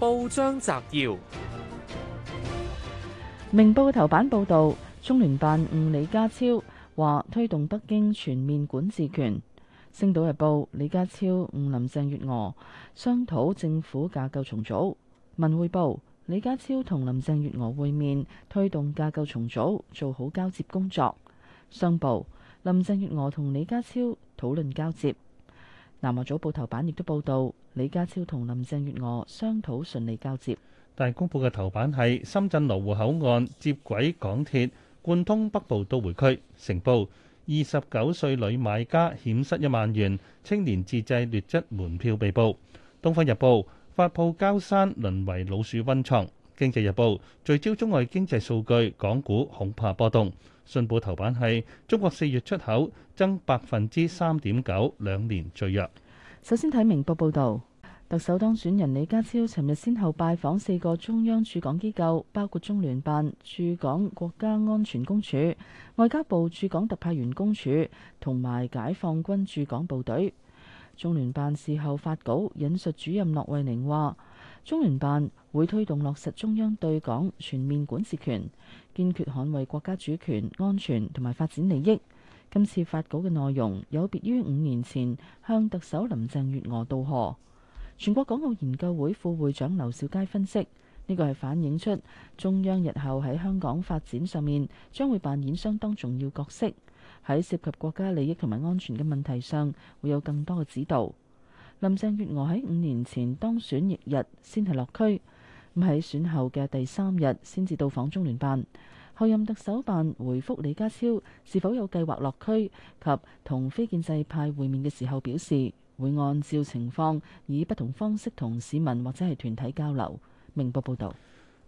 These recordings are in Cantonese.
報章摘要：明報頭版報道，中聯辦晤李家超話推動北京全面管治權。星島日報李家超晤林鄭月娥商討政府架構重組。文匯報李家超同林鄭月娥會面，推動架構重組，做好交接工作。商報林鄭月娥同李家超討論交接。南華早報頭版亦都報道，李家超同林鄭月娥商討順利交接。大公報嘅頭版係深圳羅湖口岸接軌港鐵，貫通北部都會區。成報：二十九歲女買家險失一萬元，青年自製劣質門票被捕。東方日報：發泡膠山淪為老鼠溫床。《經濟日報》聚焦中外經濟數據，港股恐怕波動。信報頭版係中國四月出口增百分之三點九，兩年最弱。首先睇明報報導，特首當選人李家超尋日先後拜訪四個中央駐港機構，包括中聯辦、駐港國家安全公署、外交部駐港特派員公署同埋解放軍駐港部隊。中聯辦事後發稿引述主任駱惠寧話。中聯辦會推動落實中央對港全面管治權，堅決捍衛國家主權、安全同埋發展利益。今次發稿嘅內容有別於五年前向特首林鄭月娥道賀。全國港澳研究會副會長劉兆佳分析：呢個係反映出中央日後喺香港發展上面將會扮演相當重要角色，喺涉及國家利益同埋安全嘅問題上，會有更多嘅指導。林鄭月娥喺五年前當選翌日先係落區，咁喺選後嘅第三日先至到訪中聯辦。後任特首辦回覆李家超是否有計劃落區及同非建制派會面嘅時候，表示會按照情況以不同方式同市民或者係團體交流。明報報道，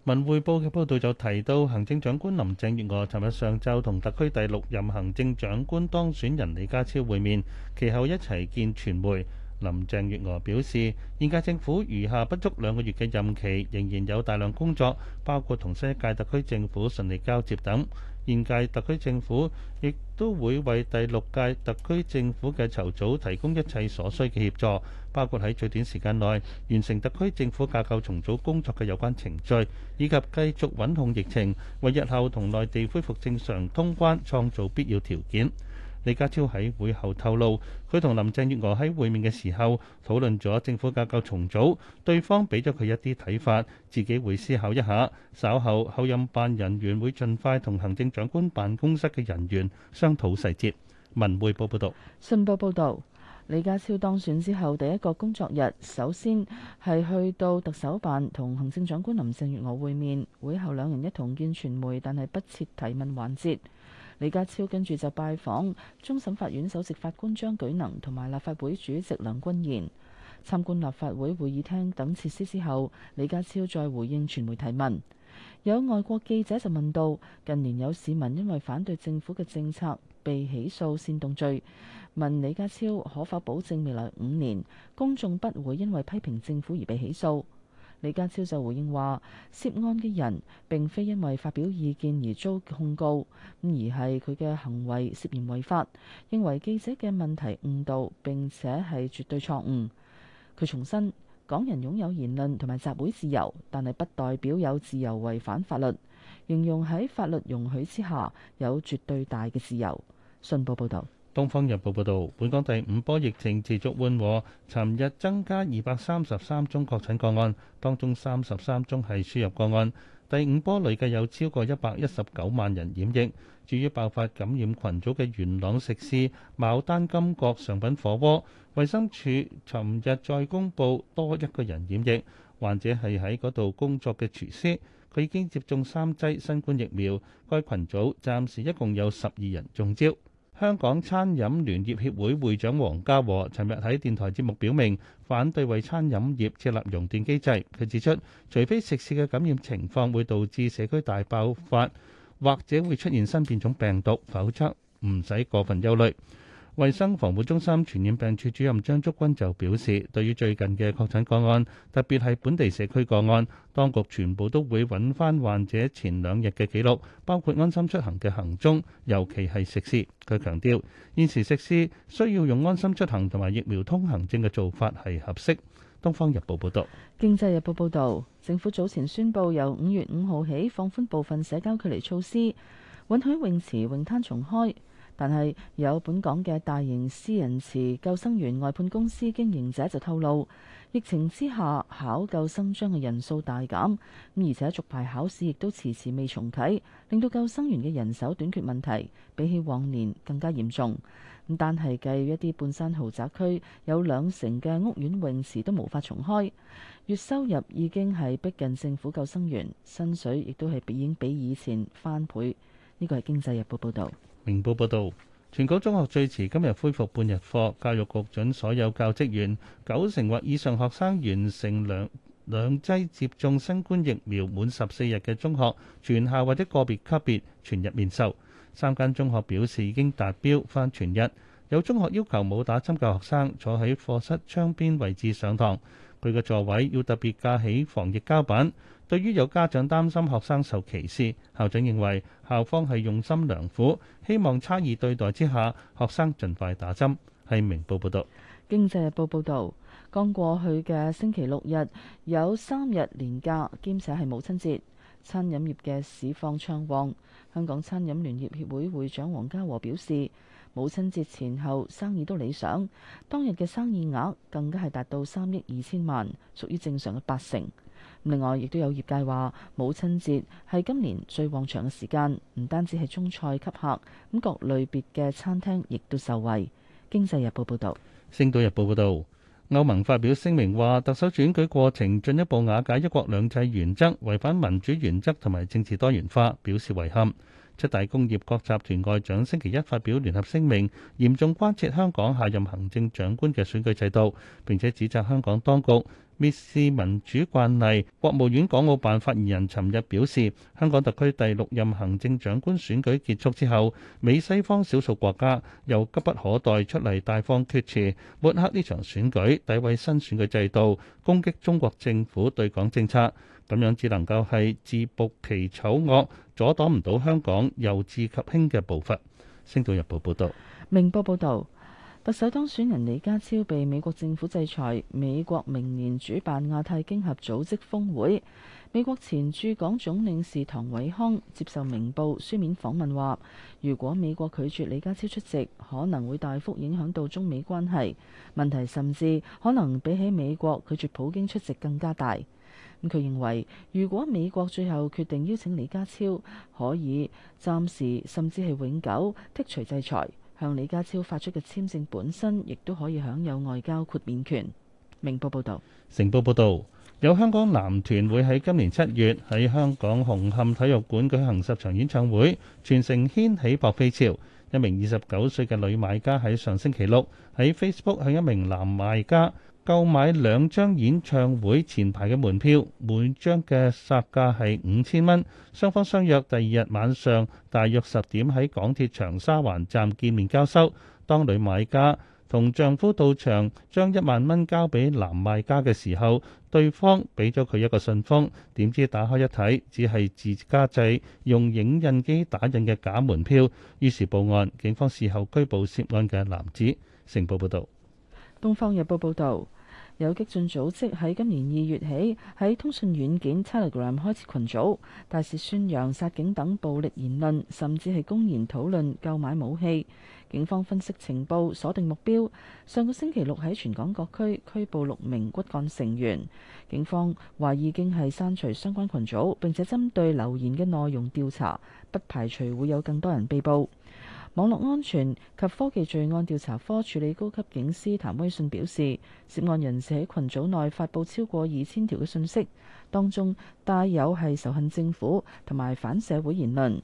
文匯報嘅報道就提到，行政長官林鄭月娥尋日上晝同特區第六任行政長官當選人李家超會面，其後一齊見傳媒。林鄭月娥表示，現屆政府餘下不足兩個月嘅任期，仍然有大量工作，包括同新一屆特區政府順利交接等。現屆特區政府亦都會為第六屆特區政府嘅籌組提供一切所需嘅協助，包括喺最短時間內完成特區政府架構重組工作嘅有關程序，以及繼續穩控疫情，為日後同內地恢復正常通關創造必要條件。李家超喺會後透露，佢同林鄭月娥喺會面嘅時候討論咗政府架構重組，對方俾咗佢一啲睇法，自己會思考一下。稍後，候任辦人員會盡快同行政長官辦公室嘅人員商討細節。文匯報報道。信報報道，李家超當選之後第一個工作日，首先係去到特首辦同行政長官林鄭月娥會面，會後兩人一同見傳媒，但係不設提問環節。李家超跟住就拜訪終審法院首席法官張舉能，同埋立法會主席梁君彥，參觀立法會會議廳等設施之後，李家超再回應傳媒提問。有外國記者就問到：近年有市民因為反對政府嘅政策被起訴煽動罪，問李家超可否保證未來五年公眾不會因為批評政府而被起訴？李家超就回應話，涉案嘅人並非因為發表意見而遭控告，而係佢嘅行為涉嫌違法。認為記者嘅問題誤導，並且係絕對錯誤。佢重申，港人擁有言論同埋集會自由，但係不代表有自由違反法律。形容喺法律容許之下，有絕對大嘅自由。信報報道。《東方日報》報導，本港第五波疫情持續緩和，尋日增加二百三十三宗確診個案，當中三十三宗係輸入個案。第五波累計有超過一百一十九萬人染疫。至於爆發感染群組嘅元朗食肆「牡丹金閣上品火鍋」，衞生署尋日再公布多一個人染疫，患者係喺嗰度工作嘅廚師，佢已經接種三劑新冠疫苗。該群組暫時一共有十二人中招。香港餐飲聯業協會會長黃家和尋日喺電台節目表明反對為餐飲業設立熔斷機制。佢指出，除非食肆嘅感染情況會導致社區大爆發，或者會出現新變種病毒，否則唔使過分憂慮。衞生防護中心傳染病處主任張竹君就表示，對於最近嘅確診個案，特別係本地社區個案，當局全部都會揾翻患者前兩日嘅記錄，包括安心出行嘅行蹤，尤其係食肆。佢強調，現時食肆需要用安心出行同埋疫苗通行證嘅做法係合適。《東方日報》報道。《經濟日報》報道，政府早前宣布由五月五號起放寬部分社交距離措施，允許泳池、泳灘重開。但係有本港嘅大型私人池救生員外判公司經營者就透露，疫情之下考救生章嘅人數大減，而且續牌考試亦都遲遲未重啟，令到救生員嘅人手短缺問題比起往年更加嚴重。但單係計一啲半山豪宅區，有兩成嘅屋苑泳池都無法重開，月收入已經係逼近政府救生員薪水比，亦都係已經比以前翻倍。呢、這個係《經濟日報》報道。明報報導，全港中學最遲今日恢復半日課，教育局准所有教職員九成或以上學生完成兩兩劑接種新冠疫苗滿十四日嘅中學，全校或者個別級別全日面授。三間中學表示已經達標返全日，有中學要求冇打針嘅學生坐喺課室窗邊位置上堂，佢嘅座位要特別架起防疫膠板。對於有家長擔心學生受歧視，校長認為校方係用心良苦，希望差異對待之下，學生盡快打針。係明報報導。經濟報報道，《經濟日報》報導，剛過去嘅星期六日有三日年假，兼且係母親節，餐飲業嘅市況暢旺。香港餐飲聯業協會會長黃家和表示，母親節前後生意都理想，當日嘅生意額更加係達到三億二千萬，屬於正常嘅八成。另外，亦都有業界話母親節係今年最旺場嘅時間，唔單止係中菜吸客，咁各類別嘅餐廳亦都受惠。經濟日報報導，星島日報報道，歐盟發表聲明話，特首選舉過程進一步瓦解一國兩制原則，違反民主原則同埋政治多元化，表示遺憾。七大工業國集團外長星期一發表聯合聲明，嚴重關切香港下任行政長官嘅選舉制度，並且指責香港當局蔑視民主慣例。國務院港澳辦發言人尋日表示，香港特區第六任行政長官選舉結束之後，美西方少數國家又急不可待出嚟大放厥詞，抹黑呢場選舉，詆毀新選舉制度，攻擊中國政府對港政策。咁樣只能夠係自暴其醜惡，阻擋唔到香港由治及興嘅步伐。星島日報報道：「明報報道，特首當選人李家超被美國政府制裁，美國明年主辦亞太經合組織峰會。美國前駐港總領事唐偉康接受明報書面訪問，話如果美國拒絕李家超出席，可能會大幅影響到中美關係，問題甚至可能比起美國拒絕普京出席更加大。佢認為，如果美國最後決定邀請李家超，可以暫時甚至係永久剔除制裁，向李家超發出嘅簽證本身，亦都可以享有外交豁免權。明報報導，成報報導，有香港男團會喺今年七月喺香港紅磡體育館舉行十場演唱會，全城掀起撲飛潮。一名二十九歲嘅女買家喺上星期六喺 Facebook 向一名男賣家，購買兩張演唱會前排嘅門票，每張嘅殺價係五千蚊。雙方相約第二日晚上大約十點喺港鐵長沙灣站見面交收。當女買家同丈夫到場將一萬蚊交俾男賣家嘅時候，對方俾咗佢一個信封，點知打開一睇，只係自家製用影印機打印嘅假門票。於是報案，警方事後拘捕涉案嘅男子。成報報道。《東方日報》報道。有激進組織喺今年二月起喺通訊軟件 Telegram 開始群組，大肆宣揚殺警等暴力言論，甚至係公然討論購買武器。警方分析情報鎖定目標，上個星期六喺全港各區拘捕六名骨幹成員。警方懷話已經係刪除相關群組，並且針對留言嘅內容調查，不排除會有更多人被捕。網絡安全及科技罪案調查科處理高級警司譚威信表示，涉案人士喺群組內發布超過二千條嘅信息，當中帶有係仇恨政府同埋反社會言論，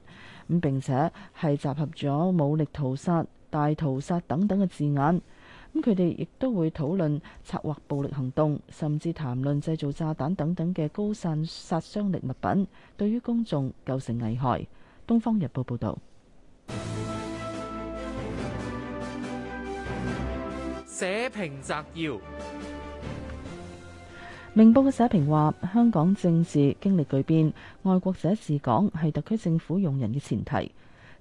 咁並且係集合咗武力屠殺、大屠殺等等嘅字眼。咁佢哋亦都會討論策劃暴力行動，甚至談論製造炸彈等等嘅高散殺傷力物品，對於公眾構成危害。《東方日報》報道。社評摘要：明報嘅社評話，香港政治經歷巨變，愛國者治港係特區政府用人嘅前提。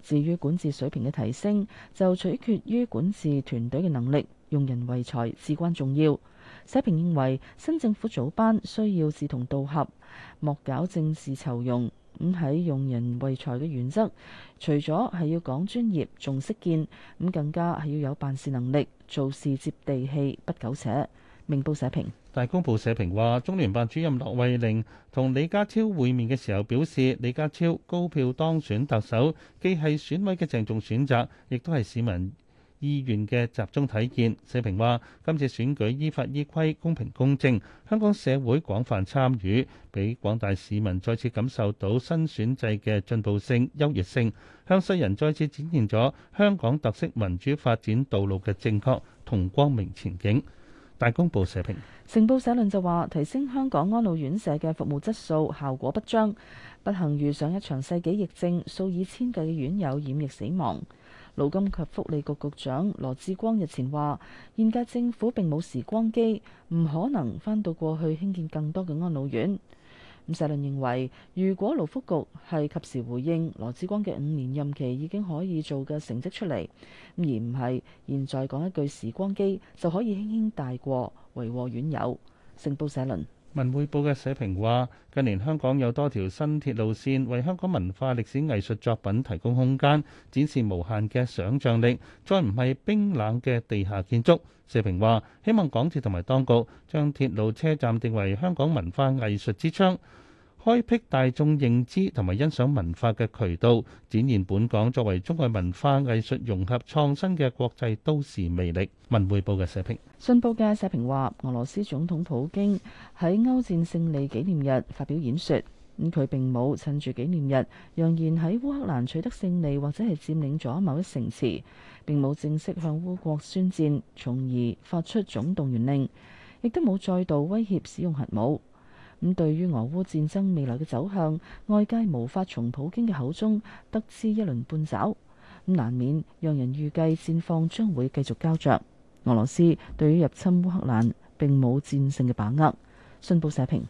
至於管治水平嘅提升，就取決於管治團隊嘅能力，用人為才至關重要。社評認為，新政府組班需要志同道合，莫搞政治酬庸。咁喺用人為才嘅原則，除咗係要講專業、重識見，咁更加係要有辦事能力。做事接地氣，不苟且。明報社評，大公報社評話，中聯辦主任駱惠寧同李家超會面嘅時候表示，李家超高票當選特首，既係選委嘅鄭重選擇，亦都係市民，議員嘅集中體現，社評話：今次選舉依法依規、公平公正，香港社會廣泛參與，俾廣大市民再次感受到新選制嘅進步性、優越性，向世人再次展現咗香港特色民主發展道路嘅正確同光明前景。大公報社評，成報社論就話：提升香港安老院舍嘅服務質素效果不彰，不幸遇上一場世紀疫症，數以千計嘅院友染疫死亡。勞工及福利局局長羅致光日前話，現屆政府並冇時光機，唔可能翻到過去興建更多嘅安老院。咁社論認為，如果勞福局係及時回應羅致光嘅五年任期已經可以做嘅成績出嚟，而唔係現在講一句時光機就可以輕輕帶過，為禍遠有。成報社論。文匯報嘅社評話：近年香港有多條新鐵路線，為香港文化、歷史、藝術作品提供空間，展示無限嘅想像力，再唔係冰冷嘅地下建築。社評話：希望港鐵同埋當局將鐵路車站定為香港文化藝術之窗。開闢大眾認知同埋欣賞文化嘅渠道，展現本港作為中外文化藝術融合創新嘅國際都市魅力。文匯報嘅社評。信報嘅社評話：俄羅斯總統普京喺歐戰勝利紀念日發表演說，咁佢並冇趁住紀念日揚言喺烏克蘭取得勝利或者係佔領咗某一城池，並冇正式向烏國宣戰，從而發出總動員令，亦都冇再度威脅使用核武。咁，對於俄烏戰爭未來嘅走向，外界無法從普京嘅口中得知一鱗半爪，咁難免讓人預計戰況將會繼續膠着。俄羅斯對於入侵烏克蘭並冇戰勝嘅把握。信報社評《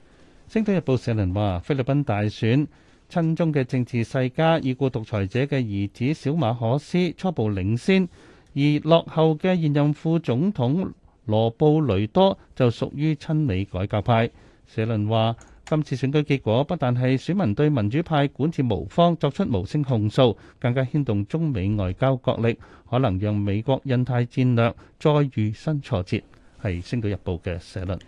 星島日報》社論話：菲律賓大選，親中嘅政治世家已故獨裁者嘅兒子小馬可斯初步領先，而落後嘅現任副總統羅布雷多就屬於親美改革派。社論話，今次選舉結果不但係選民對民主派管治無方作出無聲控訴，更加牽動中美外交角力，可能讓美國印太戰略再遇新挫折。係《星島日報》嘅社論。